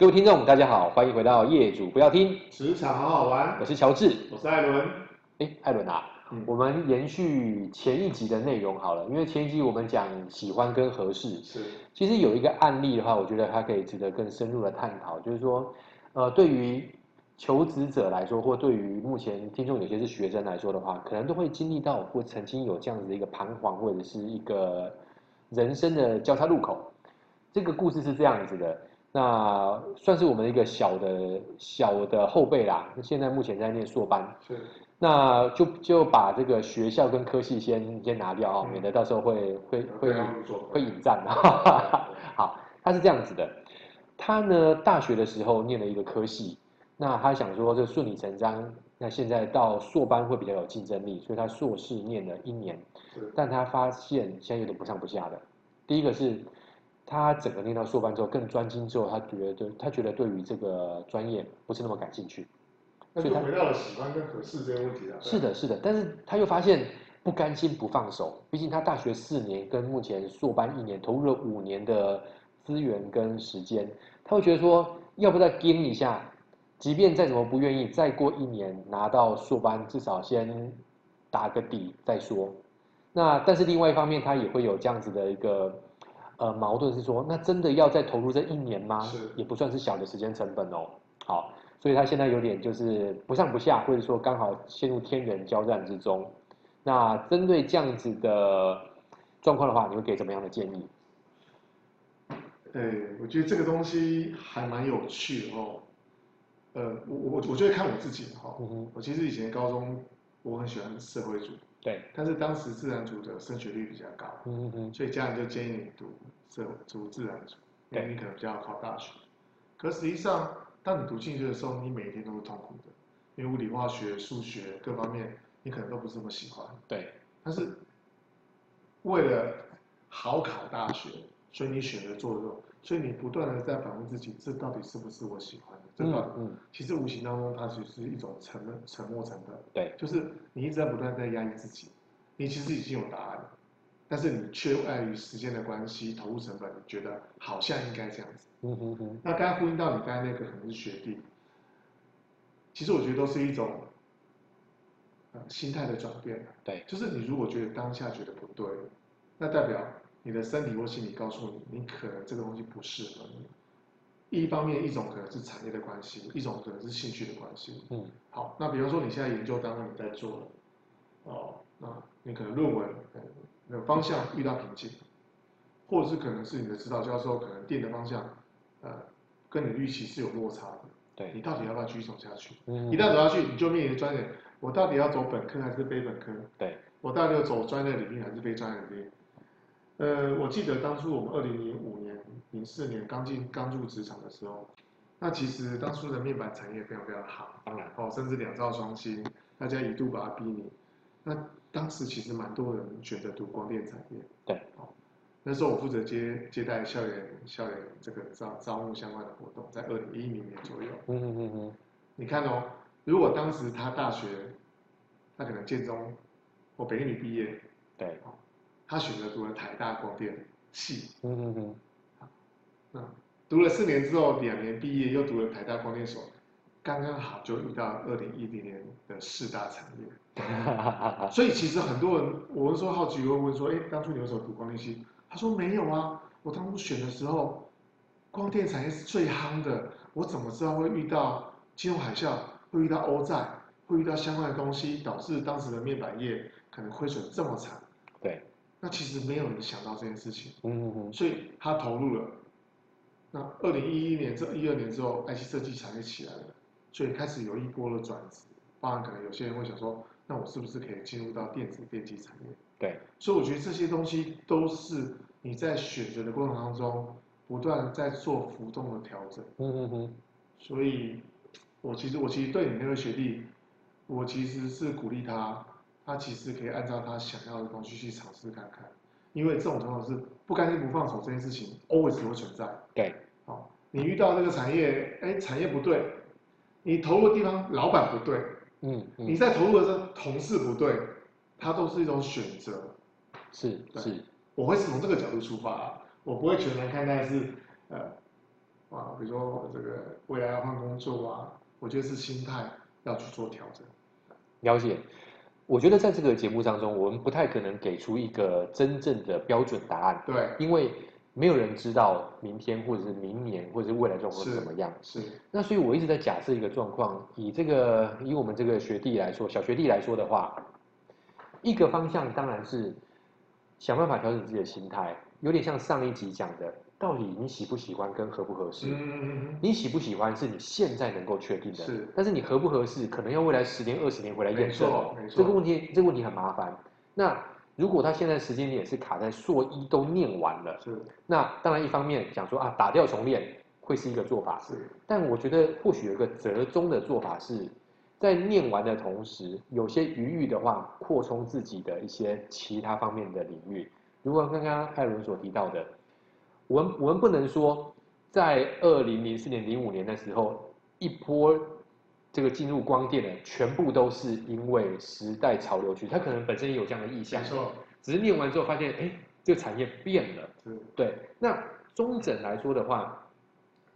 各位聽眾，大家好，歡迎回到《業主不要聽職場好好玩》。我是喬治，我是艾倫。哎、欸，艾倫啊、嗯，我們延續前一集的內容好了，因為前一集我們講喜歡跟合適是。其實有一個案例的話，我覺得它可以值得更深入的探討，就是說，呃，對於求職者來說，或對於目前聽眾有些是學生來說的話，可能都會經歷到或曾經有這樣子的一個彷徨，或者是一個人生的交叉路口。這個故事是這樣子的。嗯那算是我們一個小的、小的後輩啦。那現在目前在念碩班，是那就就把這個學校跟科系先先拿掉哦、嗯，免得到時候會會會會引戰啊。 好，他是這樣子的，他呢大學的時候念了一個科系，那他想說就順理成章，那現在到碩班會比較有競爭力，所以他碩士念了一年，但他發現現在有點不上不下的，第一個是。他整個念到碩班之後，更專精之後，他覺得他覺得對於這個專業不是那麼感興趣，所以他回到了喜歡跟合適這個問題上、啊。是的，是的，但是他又發現不甘心不放手，畢竟他大學四年跟目前碩班一年投入了五年的資源跟時間，他會覺得說，要不再拼一下，即便再怎麼不願意，再過一年拿到碩班，至少先打個底再說。那但是另外一方面，他也會有這樣子的一個。呃，矛盾是說，那真的要再投入這一年嗎？是，也不算是小的時間成本哦。好，所以他現在有點就是不上不下，或者說剛好陷入天人交戰之中。那針對這樣子的狀況的話，你會給怎麼樣的建議？哎、欸，我覺得這個東西還蠻有趣的哦。呃，我我我覺得看我自己哈、嗯。我其實以前高中我很喜歡社會主義。對，但是當時自然組的升學率比較高，嗯嗯嗯，所以家人就建議你讀這讀自然組，因為你可能比較要考大學。可實際上，當你讀進去的時候，你每天都是痛苦的，因為物理、化學、數學各方面，你可能都不是那麼喜歡。對，但是為了好考大學，所以你選擇做這種。所以你不斷的在反問自己，這到底是不是我喜歡的？這、嗯、到嗯，其實無形當中，它是是一種沉沉默成本，對，就是你一直在不斷地在壓抑自己，你其實已經有答案了，但是你卻礙於時間的關係、投入成本，你覺得好像應該這樣子。嗯嗯嗯。那剛剛呼應到你剛才那個，可能是學弟，其實我覺得都是一種、呃，心態的轉變。對，就是你如果覺得當下覺得不對，那代表。你的身體或心理告訴你，你可能這個東西不適合你。一方面，一種可能是產業的關係，一種可能是興趣的關係。嗯，好，那比如說你現在研究當中你在做，哦，那你可能論文的、嗯、方向遇到瓶頸，或者是可能是你的指導教授可能定的方向，呃，跟你預期是有落差的。對，你到底要不要繼續走下去？嗯嗯。一旦走下去，你就面臨專業，我到底要走本科還是非本科？對，我到底要走專業的領域還是非專業的領域？呃，我記得當初我們二零零五年、零四年剛進剛入職場的時候，那其實當初的面板產業非常非常好，當、嗯、然哦，甚至兩兆雙星，大家一度把它逼你。那當時其實蠻多人選擇讀光電產業，對哦。那時候我負責接接待校園校園這個招招募相關的活動，在二零一零年左右。嗯嗯嗯嗯。你看哦，如果當時他大學，他可能建中或北一女畢業，對他選擇讀了台大光電系，嗯 嗯嗯，讀了四年之後，兩年畢業，又讀了台大光電所，剛剛好就遇到二零一零年的四大產業， 所以其實很多人，我們說好奇會問說，哎，當初你為什麼讀光電系？他說沒有啊，我當初選的時候，光電產業是最夯的，我怎麼知道會遇到金融海嘯，會遇到歐債，會遇到相關的東西，導致當時的面板業可能虧損這麼慘？那其實沒有人想到這件事情，所以他投入了那2011。那二零一一年這一二年之後，IC 設計產業業起來了，所以開始有一波的轉職。當然，可能有些人會想說，那我是不是可以進入到電子電機產業？對。所以我覺得這些東西都是你在選擇的過程當中，不斷在做浮動的調整。嗯嗯嗯。所以，我其實我其實對你那個學弟，我其實是鼓勵他。他其實可以按照他想要的東西去嘗試看看，因為這種東西不甘心不放手這件事情 always 會存在。對，好，你遇到那個產業，哎、欸，產業不對，你投入的地方老板不對嗯，嗯，你在投入的這同事不對，他都是一種選擇。是，是，對，我會從這個角度出發，我不會全然看待是，呃，啊，比如說我這個未來要換工作啊，我就是心態要去做調整。了解。我覺得在這個節目當中，我們不太可能給出一個真正的標準答案。對，因為沒有人知道明天或者是明年或者是未來狀況是怎麼樣。是。是。那所以我一直在假設一個狀況，以這個以我們這個學弟來說，小學弟來說的話，一個方向當然是想辦法調整自己的心態，有點像上一集講的。到底你喜不喜歡跟合不合適？嗯嗯嗯嗯。你喜不喜歡是你現在能夠確定的，是。但是你合不合適，可能要未來十年、二十年回來驗證。沒錯，沒錯。這個問題，這個問題很麻煩。那如果他現在時間點是卡在碩一都念完了，是。那當然，一方面講說啊，打掉重練會是一個做法，是。但我覺得或許有一個折中的做法是，在念完的同時，有些餘裕的話，擴充自己的一些其他方面的領域。如果剛剛艾倫所提到的。我們我們不能說，在二零零四年、零五年的時候，一波這個進入光電的，全部都是因為時代潮流去，它可能本身有這樣的意向。沒錯。只是念完之後發現，哎，這個產業變了。是。對，那中整來說的話，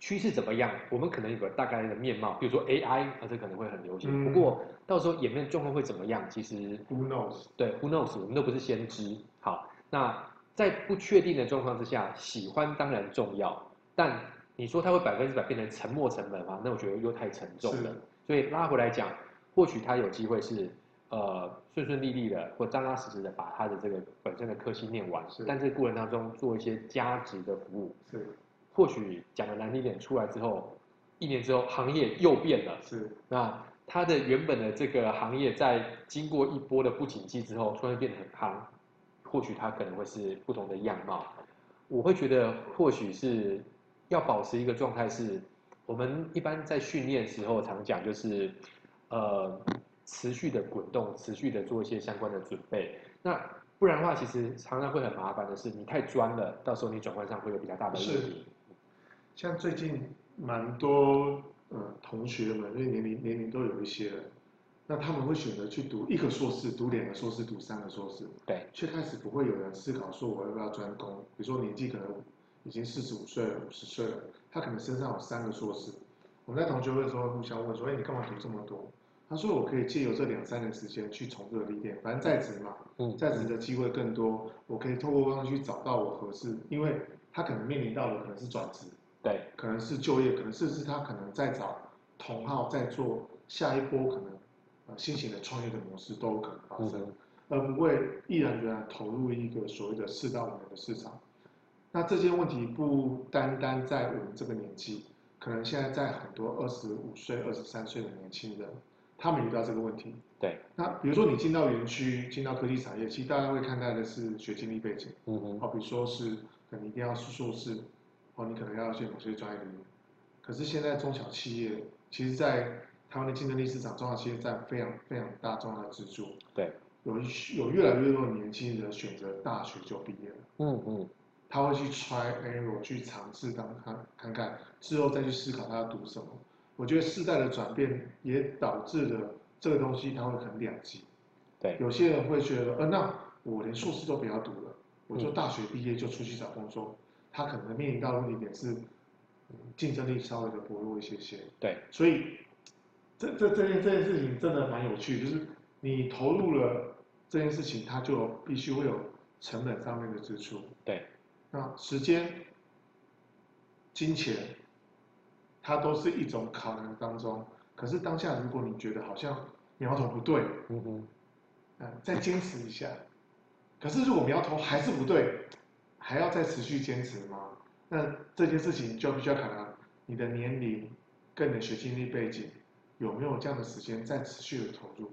趨勢怎麼樣？我們可能有個大概的面貌，比如說 AI，它這可能會很流行。嗯。不過到時候演變狀況會怎麼樣？其實，Who knows？對，Who knows？我們都不是先知。好，那。在不確定的狀況之下，喜歡當然重要，但你說它會百分之百變成沉沒成本嗎？那我覺得又太沉重了。所以拉回來講，或許他有機會是，呃，順順利利的或扎扎實實的把他的這個本身的科系念完，但這個過程當中做一些加值的服務。是，或許講的難聽點出來之後，一年之後，一年之後行業又變了。是，那他的原本的這個行業在經過一波的不景氣之後，突然變得很夯。或許他可能會是不同的樣貌，我會覺得或許是要保持一個狀態，是我們一般在訓練時候常講，就是呃持續的滾動，持續的做一些相關的準備。那不然的話，其實常常會很麻煩的是，你太專了，到時候你轉換上會有比較大的問題。是，像最近蠻多、嗯、同學們因為年齡年齡都有一些。那他們會選擇去讀一個碩士、嗯，讀兩個碩士，讀三個碩士，對，卻開始不會有人思考說我要不要專攻。比如說年紀可能已經四十五歲了，五十歲了，他可能身上有三個碩士。我們在同學會的時候會互相問說：“哎、欸，你幹嘛讀這麼多？”他說：“我可以借由這兩三年時間去重讀歷練。反正在職嘛，嗯，在職的機會更多，我可以透過方式去找到我合適，因為他可能面臨到的可能是轉職，對，可能是就業，可能甚至他可能在找同號在做下一波可能。”新型的創業的模式都有可能發生，嗯、而不會毅然決然投入一個所謂的四到五年的市場。那這些問題不單單在我們這個年紀，可能現在在很多二十五歲、二十三歲的年輕人，他們遇到這個問題。對。那比如說你進到園區、進到科技產業，其實大家會看待的是學經歷背景，嗯嗯。好比說是，可能一定要是碩士，或你可能要去某些專業的人。可是現在中小企業，其實，在他們的競爭力市場重要性，在非常非常大重要的支柱。對，有有越來越多的年輕人選擇大學就畢業了。嗯嗯，他會去 try，我去嘗試，當他看看之後再去思考他要讀什麼。我覺得世代的轉變也導致了這個東西他會很兩極。對，有些人會覺得，呃、啊，那我連碩士都不要讀了，我就大學畢業就出去找工作。嗯、他可能面臨到的問題點是，嗯、競爭力稍微的薄弱一些些。對，所以。這這件這件事情真的蠻有趣，就是你投入了這件事情，它就必須會有成本上面的支出。對，那時間、金錢，它都是一種考量當中。可是當下，如果你覺得好像苗頭不對，嗯嗯，再堅持一下。可是如果苗頭還是不對，還要再持續堅持嗎？那這件事情就必須要考量你的年齡，跟你的學經歷背景。有沒有這樣的時間再持續的投入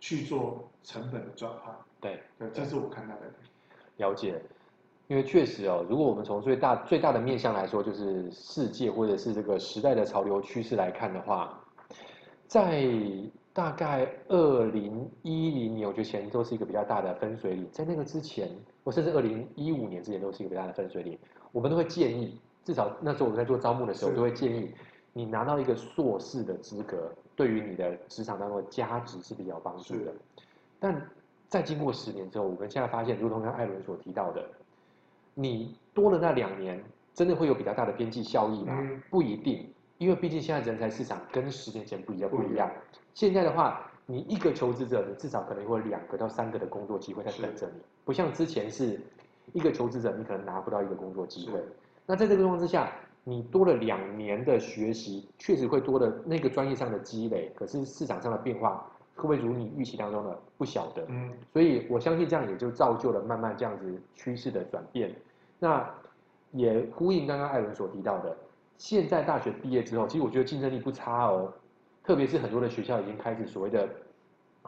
去做成本的轉換？對，對，這是我看到的。了解，因為確實哦，如果我們從最大最大的面向來說，就是世界或者是這個時代的潮流趨勢來看的話，在大概二零一零年，我覺得前都是一個比較大的分水嶺。在那個之前，或甚至二零一五年之前，都是一個比較大的分水嶺。我們都會建議，至少那時候我們在做招募的時候，都會建議。你拿到一個碩士的資格，對於你的職場當中的價值是比較幫助的。但再經過十年之後，我們現在發現，如同像艾倫所提到的，你多了那兩年，真的會有比較大的邊際效益嗎？不一定，因為畢竟現在人才市場跟十年前比較不一樣，不一樣。現在的話，你一個求職者，你至少可能會有兩個到三個的工作機會在等着你，不像之前是一個求職者，你可能拿不到一個工作機會。那在這個狀況之下。你多了兩年的學習，確實會多了那個專業上的積累，可是市場上的變化會不會如你預期當中的？不曉得。嗯，所以我相信這樣也就造就了慢慢這樣子趨勢的轉變。那也呼應剛剛艾倫所提到的，現在大學畢業之後，其實我覺得競爭力不差哦，特別是很多的學校已經開始所謂的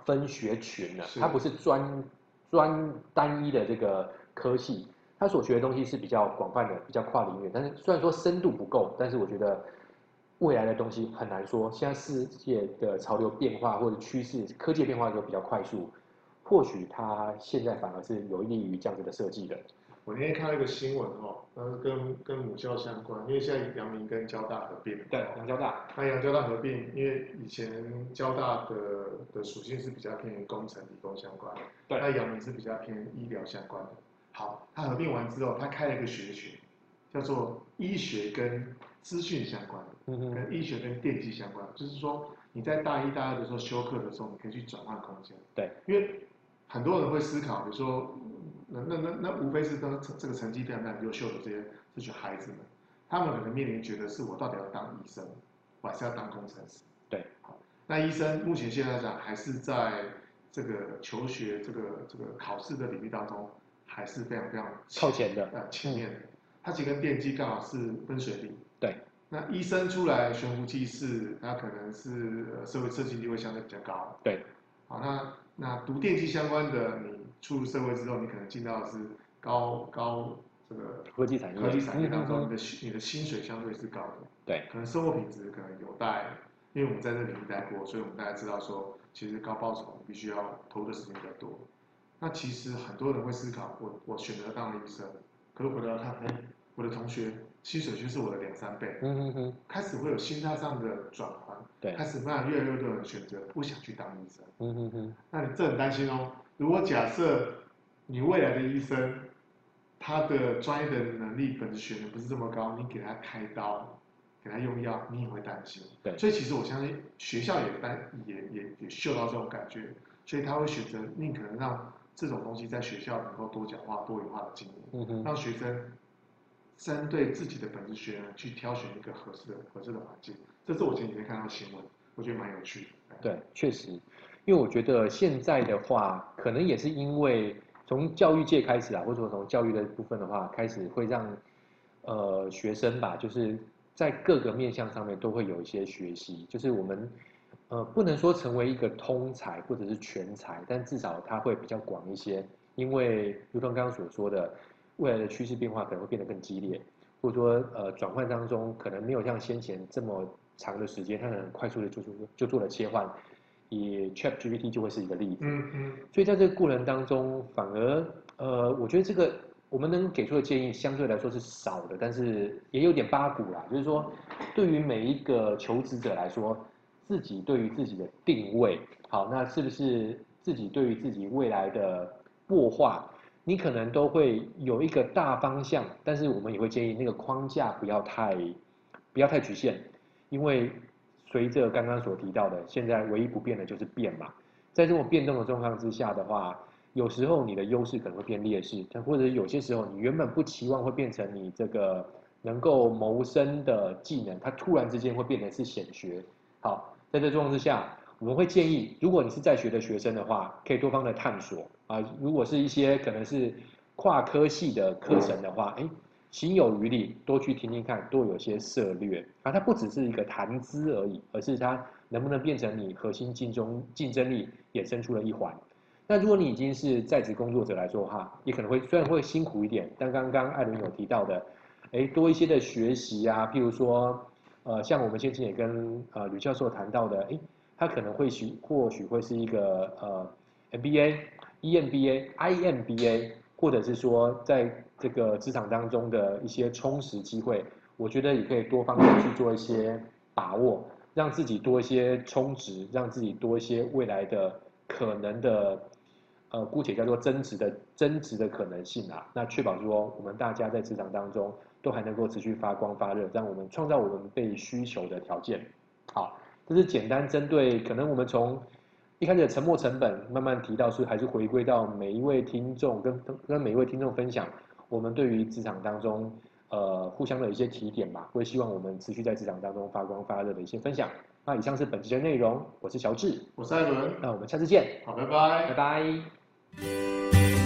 分學群了，它不是專專單一的這個科系。他所學的東西是比較廣泛的，比較跨領域，但是雖然說深度不夠，但是我覺得未來的東西很難說。現在世界的潮流變化或者趨勢，科技變化就比較快速，或許他現在反而是有利於這樣子的設計的。我今天看了一個新聞哦，跟跟母校相關，因為現在陽明跟交大合併，但陽交大，那、啊、陽交大合併，因為以前交大的的屬性是比較偏於工程、理工相關，但對，但陽明是比較偏於醫療相關的。好，他合併完之後，他開了一個學群，叫做醫學跟資訊相關的，嗯，跟醫學跟電機相關，就是說你在大一大二的時候修課的時候，你可以去轉換空間，對，因為很多人會思考，比如說，那那那那無非是這個、這個成績非常非常優秀的這些這些孩子們，他們可能面臨覺得是我到底要當醫生，我還是要當工程師？對，好，那醫生目前現在講還是在這個求學這個這個考試的領域當中。還是非常非常靠前，前的，呃、啊，前面的，它、嗯、其實跟電機剛好是分水嶺。對，那醫生出來懸壺濟世，它可能是社會設計地位相對比較高。對，好，那那讀電機相關的，你出入社會之後，你可能進到的是高高這個科技產業，科技產業當中，你的你的薪水相對是高的。對，可能生活品質可能有待，因為我們在這裡待過，所以我們大家知道說，其實高報酬必須要投的時間比較多。那其實很多人會思考，我，我我選擇當醫生，可是回頭看，哎、哦，我的同學薪水就是我的兩三倍。嗯嗯嗯，開始會有心態上的轉換，對，開始慢慢越來越多人選擇不想去當醫生。嗯嗯嗯，那你這很擔心哦。如果假設你未來的醫生，他的專業的能力本身的不是這麼高，你給他開刀，給他用藥，你也會擔心。對，所以其實我相信學校也擔也也也，也嗅到這種感覺，所以他會選擇寧可讓。這種東西在學校能夠多講話多元化的經驗，讓學生針對自己的本職學呢去挑選一個合適的、合適的環境。這是我前幾天看到的新聞，我覺得蠻有趣的。對，確實，因為我覺得現在的話，可能也是因為從教育界開始啊，或者說從教育的部分的話，開始會讓呃學生吧，就是在各個面向上面都會有一些學習，就是我們。呃，不能說成為一個通才或者是全才，但至少它會比較廣一些。因為如同剛剛所說的，未來的趨勢變化可能會變得更激烈，或者說呃轉換當中可能沒有像先前這麼長的時間，它可能快速的就就做了切換。以 ChatGPT 就會是一個例子。嗯嗯。所以在這個過程當中，反而呃，我覺得這個我們能給出的建議相對來說是少的，但是也有點八股啦，就是說對於每一個求職者來說。自己對於自己的定位，好，那是不是自己對於自己未來的擘畫，你可能都會有一個大方向，但是我們也會建議那個框架不要太，不要太局限，因為隨着剛剛所提到的，現在唯一不變的就是變嘛，在這種變動的狀況之下的話，有時候你的優勢可能會變劣勢，但或者有些時候你原本不期望會變成你這個能夠謀生的技能，它突然之間會變成是顯學，好。在這狀況之下，我們會建議，如果你是在學的學生的話，可以多方的探索啊。如果是一些可能是跨科系的課程的話，哎，行有餘力，多去聽聽看，多有些涉略啊。它不只是一個談資而已，而是它能不能變成你核心競爭競爭力衍生出了一環。那如果你已經是在職工作者來說哈，你可能會雖然會辛苦一點，但剛剛艾倫有提到的，哎，多一些的學習啊，譬如說。呃，像我們先前也跟呃呂教授談到的，誒、呃呃呃呃，呃，他可能會許或許會是一個呃 MBA、EMBA、IMBA，或者是說在這個職場當中的一些充實機會，我覺得也可以多方面去做一些把握，讓自己多一些充值，讓自己多一些未來的可能的，呃，姑且叫做增值的增值的可能性啊，那確保說我們大家在職場當中，都還能夠持續發光發熱，讓我們創造我們被需求的條件。好，這是簡單針對可能我們從一開始的沉沒成本慢慢提到，是還是回歸到每一位聽眾跟跟每一位聽眾分享我們對於職場當中呃互相的一些提點吧。會希望我們持續在職場當中發光發熱的一些分享。那以上是本期的內容，我是喬治，我是艾倫，那我們下次見。好，拜拜，拜拜。